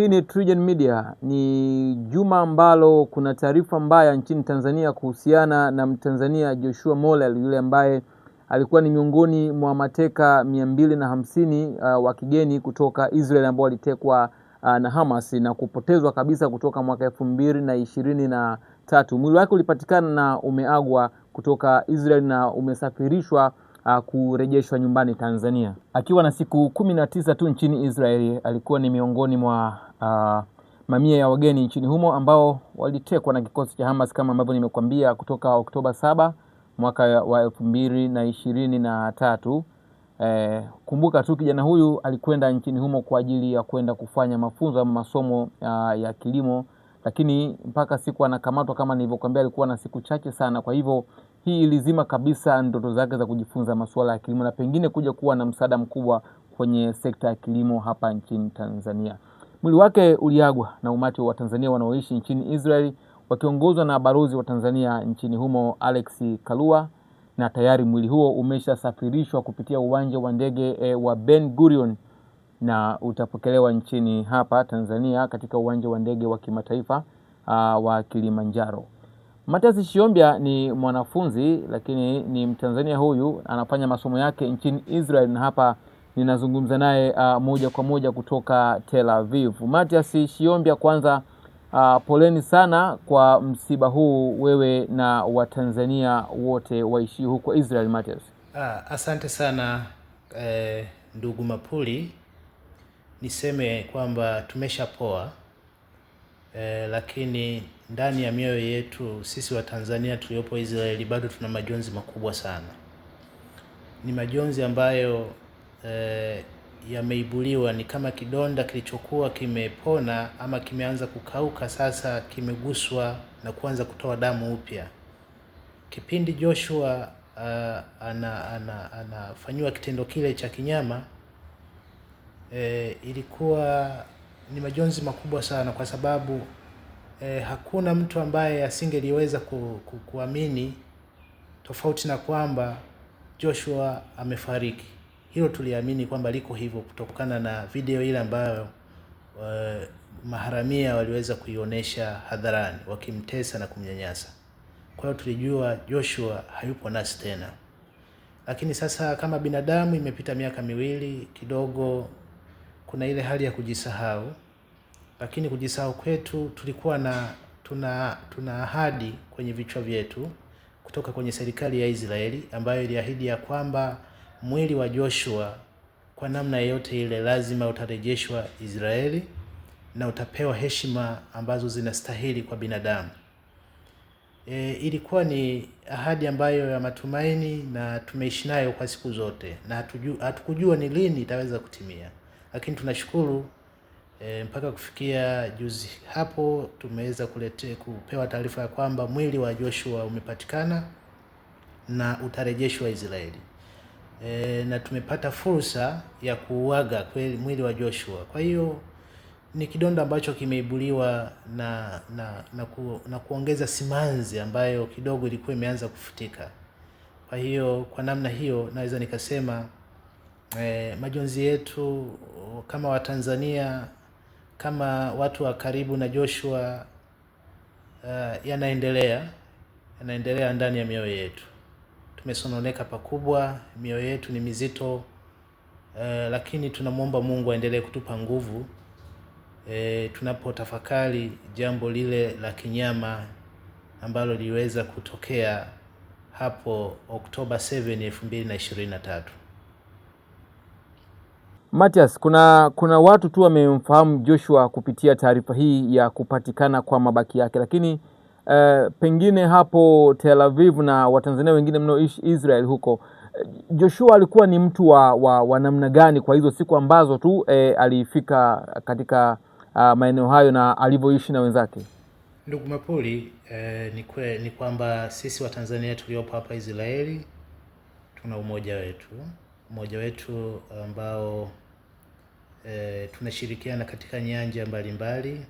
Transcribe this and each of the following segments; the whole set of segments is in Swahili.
Hii ni Trigen Media. Ni juma ambalo kuna taarifa mbaya nchini Tanzania kuhusiana na Mtanzania Joshua Molel yule ambaye alikuwa ni miongoni mwa mateka mia mbili na hamsini uh, wa kigeni kutoka Israel ambao walitekwa uh, na Hamas na kupotezwa kabisa kutoka mwaka elfu mbili na ishirini na tatu. Mwili wake ulipatikana na umeagwa kutoka Israel na umesafirishwa Uh, kurejeshwa nyumbani Tanzania akiwa na siku kumi na tisa tu nchini Israeli. Alikuwa ni miongoni mwa uh, mamia ya wageni nchini humo ambao walitekwa na kikosi cha Hamas kama ambavyo nimekuambia kutoka Oktoba saba mwaka wa elfu mbili na ishirini na tatu. Eh, kumbuka tu kijana huyu alikwenda nchini humo kwa ajili ya kwenda kufanya mafunzo ama masomo uh, ya kilimo, lakini mpaka siku anakamatwa, kama nilivyokuambia, alikuwa na siku chache sana. Kwa hivyo hii ilizima kabisa ndoto zake za kujifunza masuala ya kilimo na pengine kuja kuwa na msaada mkubwa kwenye sekta ya kilimo hapa nchini Tanzania. Mwili wake uliagwa na umati wa Tanzania wanaoishi nchini israel wakiongozwa na balozi wa Tanzania nchini humo Alex Kalua, na tayari mwili huo umeshasafirishwa kupitia uwanja wa ndege e, wa Ben Gurion na utapokelewa nchini hapa Tanzania katika uwanja wa ndege wa kimataifa wa Kilimanjaro. Mathias shiombia ni mwanafunzi lakini ni Mtanzania huyu anafanya masomo yake nchini Israel na hapa ninazungumza naye uh, moja kwa moja kutoka Tel Aviv. Matias Shiombya, kwanza uh, poleni sana kwa msiba huu wewe na Watanzania wote waishii huko Israel. Matias, ah, asante sana eh, ndugu Mapuli, niseme kwamba tumeshapoa eh, lakini ndani ya mioyo yetu sisi Watanzania tuliopo Israeli bado tuna majonzi makubwa sana. Ni majonzi ambayo eh, yameibuliwa ni kama kidonda kilichokuwa kimepona ama kimeanza kukauka, sasa kimeguswa na kuanza kutoa damu upya. Kipindi Joshua uh, ana, ana, anafanyiwa kitendo kile cha kinyama eh, ilikuwa ni majonzi makubwa sana, kwa sababu eh, hakuna mtu ambaye asingeliweza ku, ku, kuamini tofauti na kwamba Joshua amefariki. Hilo tuliamini kwamba liko hivyo kutokana na video ile ambayo uh, maharamia waliweza kuionyesha hadharani wakimtesa na kumnyanyasa. Kwa hiyo tulijua Joshua hayupo nasi tena, lakini sasa kama binadamu imepita miaka miwili kidogo, kuna ile hali ya kujisahau. Lakini kujisahau kwetu, tulikuwa na tuna tuna ahadi kwenye vichwa vyetu kutoka kwenye serikali ya Israeli ambayo iliahidi ya kwamba mwili wa Joshua kwa namna yeyote ile lazima utarejeshwa Israeli na utapewa heshima ambazo zinastahili kwa binadamu. E, ilikuwa ni ahadi ambayo ya matumaini na tumeishi nayo kwa siku zote na hatukujua ni lini itaweza kutimia, lakini tunashukuru e, mpaka kufikia juzi hapo tumeweza kulete kupewa taarifa ya kwamba mwili wa Joshua umepatikana na utarejeshwa Israeli e, na tumepata fursa ya kuuaga kweli mwili wa Joshua. Kwa hiyo ni kidonda ambacho kimeibuliwa na na, na, ku, na kuongeza simanzi ambayo kidogo ilikuwa imeanza kufutika. Kwa hiyo kwa namna hiyo naweza nikasema e, majonzi yetu kama Watanzania kama watu wa karibu na Joshua uh, yanaendelea yanaendelea ndani ya mioyo yetu tumesononeka pakubwa, mioyo yetu ni mizito e, lakini tunamwomba Mungu aendelee kutupa nguvu e, tunapotafakari jambo lile la kinyama ambalo liliweza kutokea hapo Oktoba 7, 2023. Matias, kuna kuna watu tu wamemfahamu Joshua kupitia taarifa hii ya kupatikana kwa mabaki yake, lakini uh, pengine hapo Tel Aviv na Watanzania wengine mnaoishi Israel huko eh, Joshua alikuwa ni mtu wa, wa, wa namna gani kwa hizo siku ambazo tu eh, alifika katika uh, maeneo hayo na alivyoishi na wenzake? Ndugu Mapuli, eh, ni, kwe, ni kwamba sisi Watanzania tuliopo hapa Israeli tuna umoja wetu, umoja wetu ambao eh, tunashirikiana katika nyanja mbalimbali mbali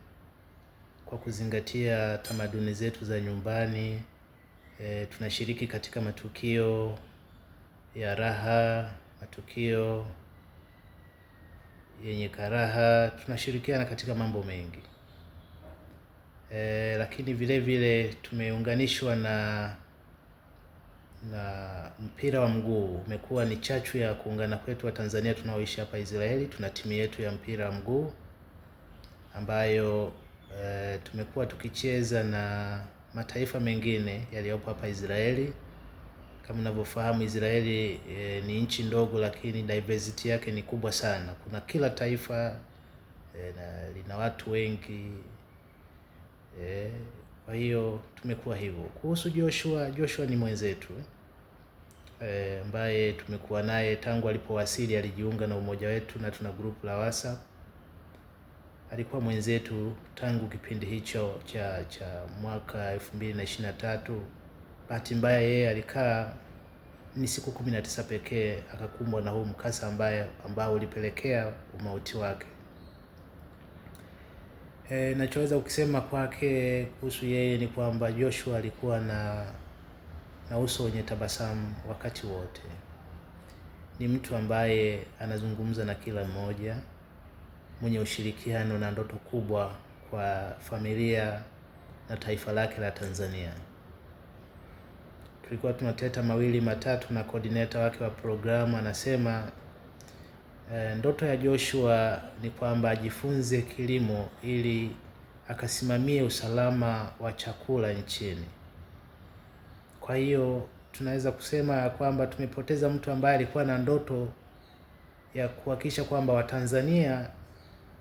kwa kuzingatia tamaduni zetu za nyumbani. E, tunashiriki katika matukio ya raha, matukio yenye karaha, tunashirikiana katika mambo mengi e, lakini vile vile tumeunganishwa na na mpira wa mguu. Umekuwa ni chachu ya kuungana kwetu wa Tanzania tunaoishi hapa Israeli. Tuna timu yetu ya mpira wa mguu ambayo e, tumekuwa tukicheza na mataifa mengine yaliyopo hapa Israeli. Kama unavyofahamu Israeli e, ni nchi ndogo, lakini diversity yake ni kubwa sana. Kuna kila taifa e, na, lina watu wengi e, kwa hiyo tumekuwa hivyo. Kuhusu Joshua, Joshua ni mwenzetu ambaye e, tumekuwa naye tangu alipowasili, alijiunga na umoja wetu na tuna grupu la WhatsApp alikuwa mwenzetu tangu kipindi hicho cha cha mwaka elfu mbili na ishirini na tatu. Bahati mbaya yeye alikaa ni siku kumi na tisa pekee akakumbwa na huu mkasa ambaye ambao ulipelekea umauti wake. E, nachoweza ukisema kwake kuhusu yeye ni kwamba Joshua alikuwa na na uso wenye tabasamu wakati wote. Ni mtu ambaye anazungumza na kila mmoja mwenye ushirikiano na ndoto kubwa kwa familia na taifa lake la Tanzania. Tulikuwa tunateta mawili matatu na koordineta wake wa programu anasema e, ndoto ya Joshua ni kwamba ajifunze kilimo ili akasimamie usalama wa chakula nchini. Kwa hiyo tunaweza kusema kwamba tumepoteza mtu ambaye alikuwa na ndoto ya kuhakikisha kwamba Watanzania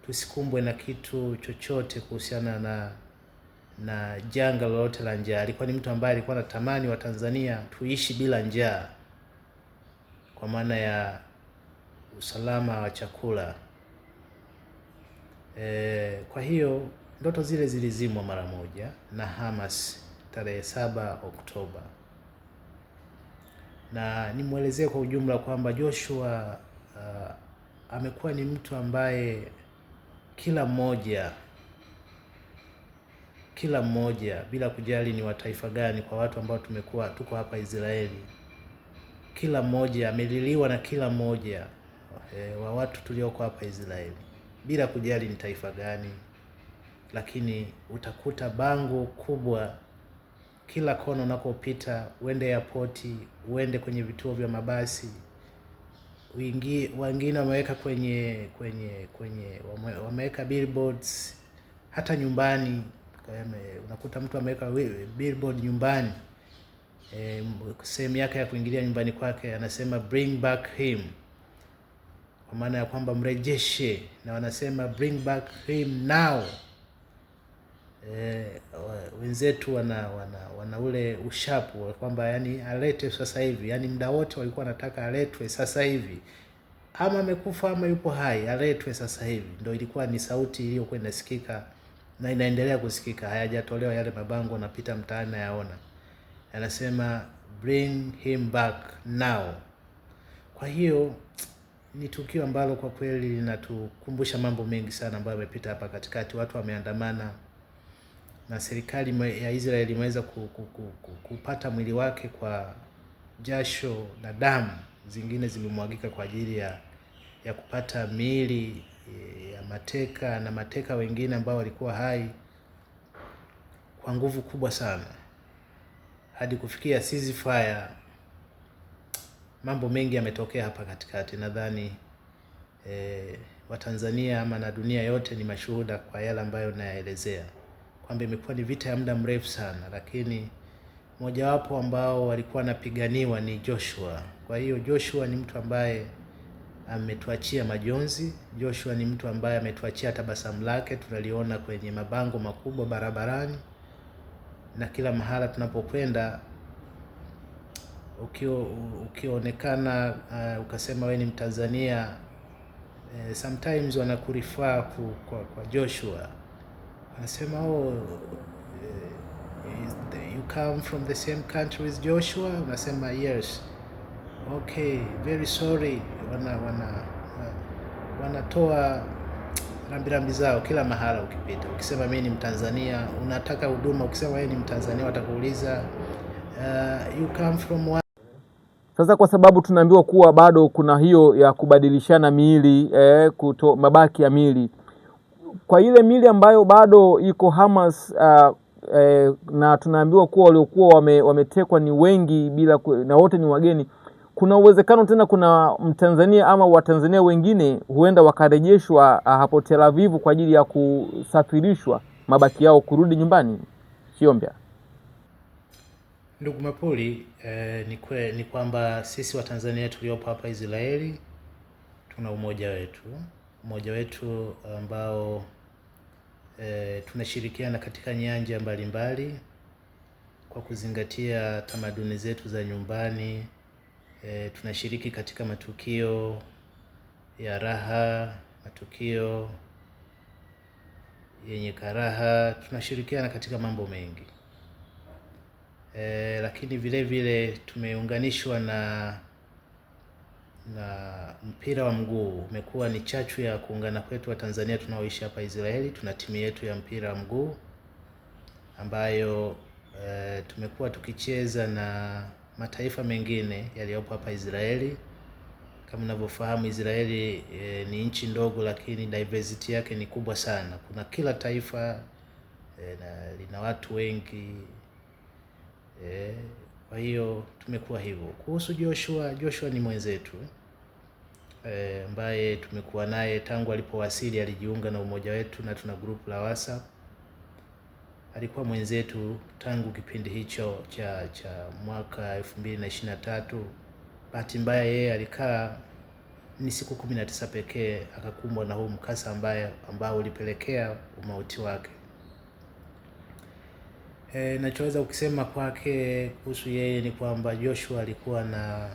tusikumbwe na kitu chochote kuhusiana na na janga lolote la njaa. Alikuwa ni mtu ambaye alikuwa anatamani Watanzania tuishi bila njaa, kwa maana ya usalama wa chakula. E, kwa hiyo ndoto zile zilizimwa mara moja na Hamas tarehe 7 Oktoba, na nimwelezee kwa ujumla kwamba Joshua uh, amekuwa ni mtu ambaye kila mmoja kila mmoja bila kujali ni wa taifa gani, kwa watu ambao tumekuwa tuko hapa Israeli, kila mmoja ameliliwa na kila mmoja e, eh, wa watu tulioko hapa Israeli bila kujali ni taifa gani, lakini utakuta bango kubwa kila kona unakopita, uende airport, uende kwenye vituo vya mabasi wingi, wengine wameweka kwenye kwenye kwenye wameweka billboards hata nyumbani. Unakuta mtu ameweka billboard nyumbani e, sehemu yake ya kuingilia nyumbani kwake anasema bring back him, kwa maana ya kwamba mrejeshe, na wanasema bring back him now e, wenzetu wana, wana, wana ule ushapu kwamba yani alete sasa hivi, yani muda wote walikuwa wanataka aletwe sasa hivi, ama amekufa ama yupo hai, aletwe sasa hivi. Ndio ilikuwa ni sauti iliyokuwa inasikika na inaendelea kusikika. Hayajatolewa yale mabango, napita mtaani nayaona, anasema bring him back now. Kwa hiyo ni tukio ambalo kwa kweli linatukumbusha mambo mengi sana ambayo yamepita hapa katikati, watu wameandamana na serikali ya Israeli imeweza kupata mwili wake kwa jasho na damu zingine zilimwagika kwa ajili ya, ya kupata miili eh, ya mateka na mateka wengine ambao walikuwa hai kwa nguvu kubwa sana hadi kufikia ceasefire. Mambo mengi yametokea hapa katikati. Nadhani eh, Watanzania ama na dunia yote ni mashuhuda kwa yale ambayo nayaelezea kwamba imekuwa ni vita ya muda mrefu sana, lakini mojawapo ambao walikuwa wanapiganiwa ni Joshua. Kwa hiyo Joshua ni mtu ambaye ametuachia majonzi. Joshua ni mtu ambaye ametuachia tabasamu lake, tunaliona kwenye mabango makubwa barabarani na kila mahala tunapokwenda. Ukio ukionekana uh, ukasema we ni Mtanzania, uh, sometimes wanakurifaa kwa, kwa Joshua anasema oh, eh, eh, you come from the same country with Joshua? Unasema yes. Okay, very sorry. Wana wana eh, wanatoa rambirambi zao kila mahala ukipita. Ukisema mimi ni Mtanzania, unataka huduma, ukisema wewe ni Mtanzania watakuuliza uh, you come from what? Sasa kwa sababu tunaambiwa kuwa bado kuna hiyo ya kubadilishana miili eh, kuto, mabaki ya miili kwa ile mili ambayo bado iko Hamas uh, eh, na tunaambiwa kuwa waliokuwa wame, wametekwa ni wengi bila na wote ni wageni. Kuna uwezekano tena kuna Mtanzania ama Watanzania wengine huenda wakarejeshwa uh, hapo Tel Aviv kwa ajili ya kusafirishwa mabaki yao kurudi nyumbani Kiombya. Ndugu Mapuli, eh, ni, kwe, ni kwamba sisi Watanzania tuliopo hapa Israeli tuna umoja wetu mmoja wetu ambao e, eh, tunashirikiana katika nyanja mbalimbali mbali, kwa kuzingatia tamaduni zetu za nyumbani e, tunashiriki katika matukio ya raha, matukio yenye karaha, tunashirikiana katika mambo mengi e, lakini vile vile tumeunganishwa na na mpira wa mguu umekuwa ni chachu ya kuungana kwetu wa Tanzania tunaoishi hapa Israeli. Tuna timu yetu ya mpira wa mguu ambayo e, tumekuwa tukicheza na mataifa mengine yaliyopo hapa Israeli. Kama unavyofahamu Israeli e, ni nchi ndogo, lakini diversity yake ni kubwa sana. Kuna kila taifa e, na, lina watu wengi e, kwa hiyo tumekuwa hivyo. Kuhusu Joshua, Joshua ni mwenzetu e, ambaye tumekuwa naye tangu alipowasili alijiunga na umoja wetu na tuna grupu la WhatsApp. Alikuwa mwenzetu tangu kipindi hicho cha cha mwaka 2023. Bahati mbaya yeye alikaa ni siku 19 pekee akakumbwa na huu mkasa ambaye ambao ulipelekea umauti wake. E, nachoweza kukisema kwake kuhusu yeye ni kwamba Joshua alikuwa na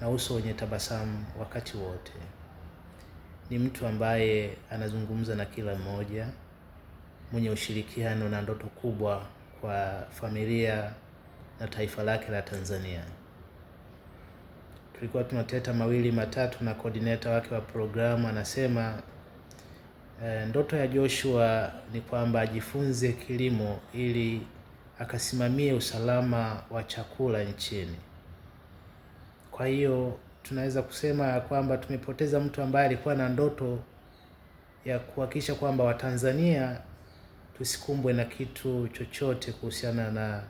na uso wenye tabasamu wakati wote. Ni mtu ambaye anazungumza na kila mmoja, mwenye ushirikiano na ndoto kubwa kwa familia na taifa lake la Tanzania. Tulikuwa tunateta mawili matatu na koordineta wake wa programu anasema e, ndoto ya Joshua ni kwamba ajifunze kilimo ili akasimamie usalama wa chakula nchini. Kwa hiyo tunaweza kusema ya kwamba tumepoteza mtu ambaye alikuwa na ndoto ya kuhakikisha kwamba Watanzania tusikumbwe na kitu chochote kuhusiana na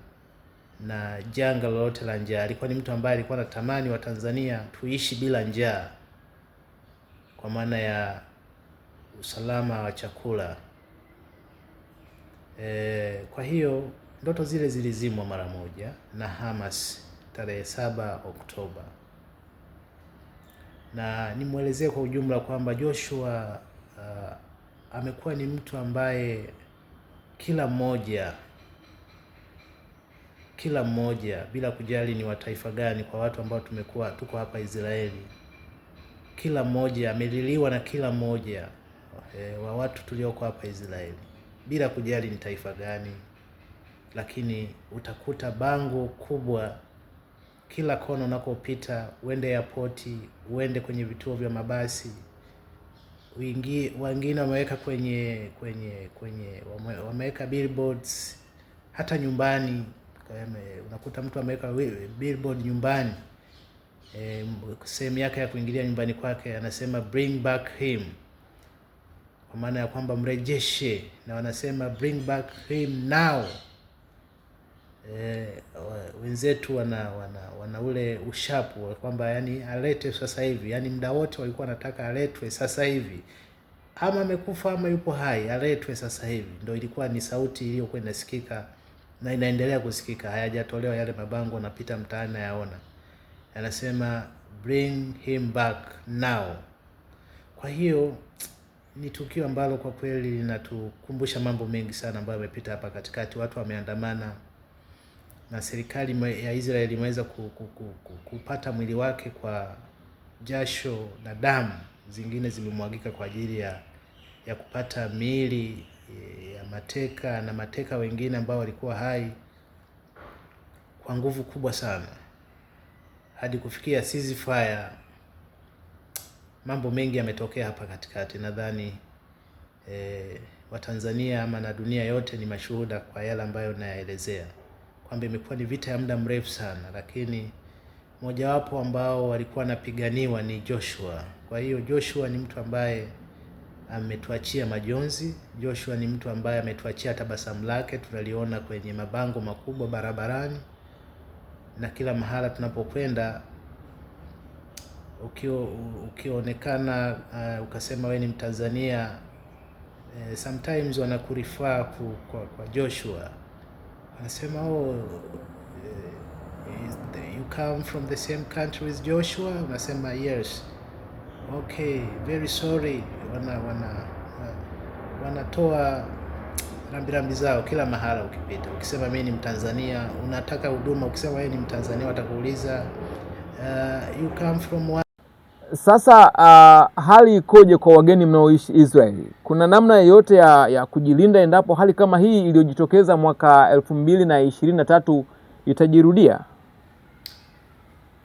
na janga lolote la njaa. Alikuwa ni mtu ambaye alikuwa anatamani Watanzania tuishi bila njaa kwa maana ya usalama wa chakula. E, kwa hiyo ndoto zile zilizimwa mara moja na Hamas tarehe 7 Oktoba na nimwelezee kwa ujumla kwamba Joshua uh, amekuwa ni mtu ambaye kila mmoja kila mmoja bila kujali ni wa taifa gani, kwa watu ambao tumekuwa tuko hapa Israeli, kila mmoja ameliliwa na kila mmoja e, wa watu tulioko hapa Israeli bila kujali ni taifa gani, lakini utakuta bango kubwa kila kona unakopita, uende airport, uende kwenye vituo vya mabasi, wingi wengine wameweka kwenye kwenye kwenye wameweka billboards hata nyumbani. Unakuta mtu ameweka billboard nyumbani, e, sehemu yake ya kuingilia nyumbani kwake anasema bring back him, kwa maana ya kwamba mrejeshe, na wanasema bring back him now e, wenzetu wana, wana, wana ule ushapu kwamba yani alete sasa hivi, yani muda wote walikuwa wanataka aletwe sasa hivi, ama amekufa ama yupo hai, aletwe sasa hivi. Ndio ilikuwa ni sauti iliyokuwa inasikika na inaendelea kusikika. Hayajatolewa yale mabango, napita mtaani nayaona, anasema bring him back now. Kwa hiyo ni tukio ambalo kwa kweli linatukumbusha mambo mengi sana ambayo yamepita hapa katikati. Watu wameandamana na serikali ya Israeli imeweza kupata mwili wake kwa jasho na damu zingine zimemwagika kwa ajili ya, ya kupata miili eh, ya mateka na mateka wengine ambao walikuwa hai kwa nguvu kubwa sana hadi kufikia ceasefire. Mambo mengi yametokea hapa katikati. Nadhani eh, Watanzania ama na dunia yote ni mashuhuda kwa yale ambayo nayaelezea kwamba imekuwa ni vita ya muda mrefu sana, lakini mojawapo ambao walikuwa wanapiganiwa ni Joshua. Kwa hiyo Joshua ni mtu ambaye ametuachia majonzi. Joshua ni mtu ambaye ametuachia tabasamu lake, tunaliona kwenye mabango makubwa barabarani na kila mahala tunapokwenda. Ukio ukionekana uh, ukasema we ni Mtanzania, uh, sometimes wanakurifaa kwa, kwa Joshua anasema oh, eh, eh, you come from the same country with Joshua? Unasema yes. Okay, very sorry. Wana wana wanatoa rambirambi zao kila mahala ukipita. Ukisema mimi ni Mtanzania, unataka huduma, ukisema wewe ni Mtanzania watakuuliza uh, you come from sasa uh, hali ikoje kwa wageni mnaoishi Israeli? Kuna namna yoyote ya, ya kujilinda endapo hali kama hii iliyojitokeza mwaka elfu mbili na ishirini na tatu itajirudia?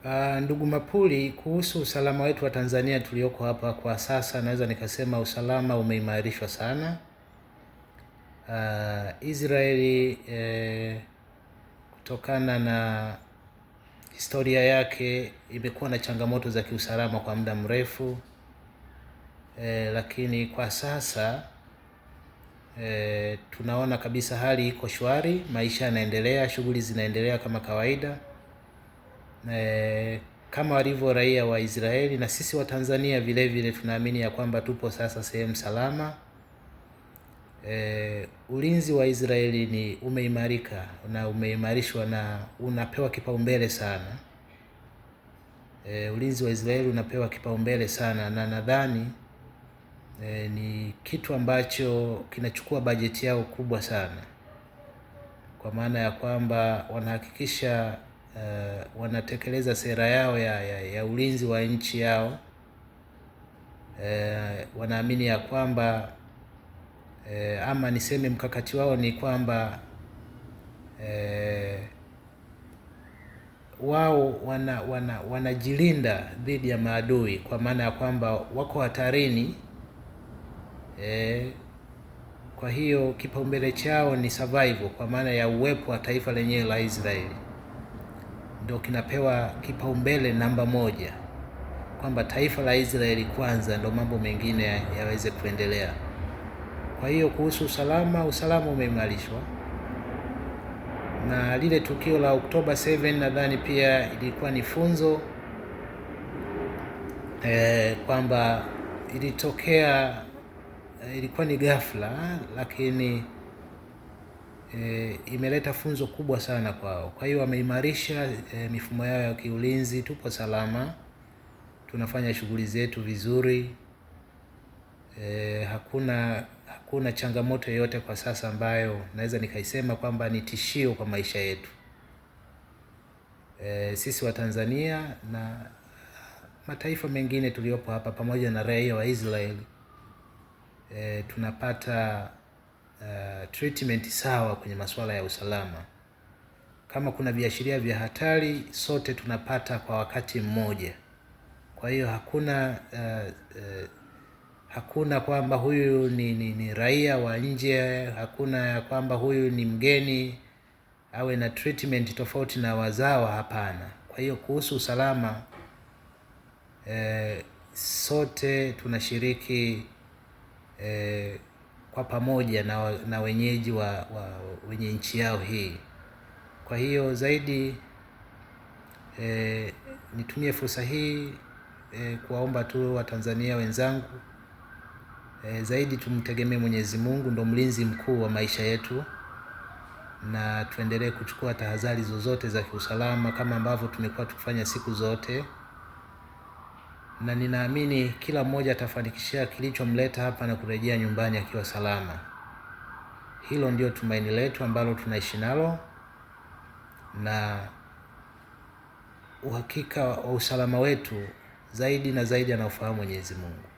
Uh, ndugu Mapuli, kuhusu usalama wetu wa Tanzania tulioko hapa kwa sasa, naweza nikasema usalama umeimarishwa sana. Uh, Israeli eh, kutokana na historia yake imekuwa na changamoto za kiusalama kwa muda mrefu e, lakini kwa sasa e, tunaona kabisa hali iko shwari, maisha yanaendelea, shughuli zinaendelea kama kawaida e, kama walivyo raia wa Israeli na sisi wa Tanzania vile vile tunaamini ya kwamba tupo sasa sehemu salama e, ulinzi wa Israeli ni umeimarika na umeimarishwa na unapewa kipaumbele sana. E, ulinzi wa Israeli unapewa kipaumbele sana na nadhani e, ni kitu ambacho kinachukua bajeti yao kubwa sana, kwa maana ya kwamba wanahakikisha uh, wanatekeleza sera yao ya, ya, ya ulinzi wa nchi yao. Uh, wanaamini ya kwamba e, ama niseme mkakati wao ni kwamba e, wao wana, wana, wanajilinda dhidi ya maadui kwa maana ya kwamba wako hatarini e, kwa hiyo kipaumbele chao ni survival kwa maana ya uwepo wa taifa lenyewe la Israeli ndio kinapewa kipaumbele namba moja, kwamba taifa la Israeli kwanza, ndio mambo mengine yaweze kuendelea. Kwa hiyo kuhusu usalama, usalama umeimarishwa na lile tukio la Oktoba 7 nadhani pia ilikuwa ni funzo e, kwamba ilitokea, eh, ilikuwa ni ghafla, lakini e, imeleta funzo kubwa sana kwao. Kwa hiyo wameimarisha e, mifumo yao ya kiulinzi. Tupo salama, tunafanya shughuli zetu vizuri e, hakuna hakuna changamoto yoyote kwa sasa ambayo naweza nikaisema kwamba ni tishio kwa maisha yetu e, sisi wa Tanzania na mataifa mengine tuliopo hapa pamoja na raia wa Israel e, tunapata uh, treatment sawa kwenye masuala ya usalama. Kama kuna viashiria vya hatari, sote tunapata kwa wakati mmoja. Kwa hiyo hakuna uh, uh, Hakuna kwamba huyu ni, ni, ni raia wa nje, hakuna kwamba huyu ni mgeni awe na treatment tofauti na wazawa, hapana. Kwa hiyo kuhusu usalama eh, sote tunashiriki eh, kwa pamoja na, na wenyeji wa, wa wenye nchi yao hii. Kwa hiyo zaidi eh, nitumie fursa hii eh, kuwaomba tu Watanzania wenzangu E, zaidi tumtegemee Mwenyezi Mungu ndo mlinzi mkuu wa maisha yetu, na tuendelee kuchukua tahadhari zozote za kiusalama kama ambavyo tumekuwa tukifanya siku zote, na ninaamini kila mmoja atafanikishia kilichomleta hapa na kurejea nyumbani akiwa salama. Hilo ndio tumaini letu ambalo tunaishi nalo na uhakika wa usalama wetu zaidi na zaidi anaofahamu Mwenyezi Mungu.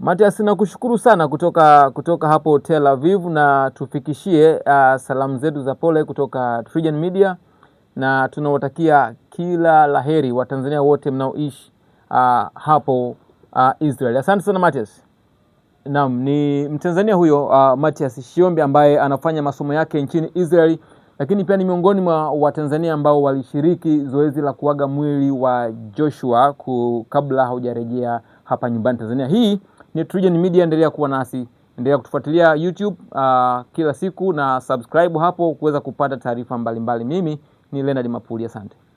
Matias, nakushukuru sana kutoka kutoka hapo Tel Aviv, na tufikishie uh, salamu zetu za pole kutoka Trigen Media, na tunawatakia kila laheri Watanzania wote mnaoishi uh, hapo uh, Israel. Asante sana Matias. Naam, ni Mtanzania huyo uh, Matias Shiombe ambaye anafanya masomo yake nchini Israel, lakini pia ni miongoni mwa Watanzania ambao walishiriki zoezi la kuaga mwili wa Joshua kabla haujarejea hapa nyumbani Tanzania. Hii ni Trigen Media. Endelea kuwa nasi, endelea kutufuatilia YouTube uh, kila siku na subscribe hapo kuweza kupata taarifa mbalimbali. Mimi ni Leonard Mapuli, asante.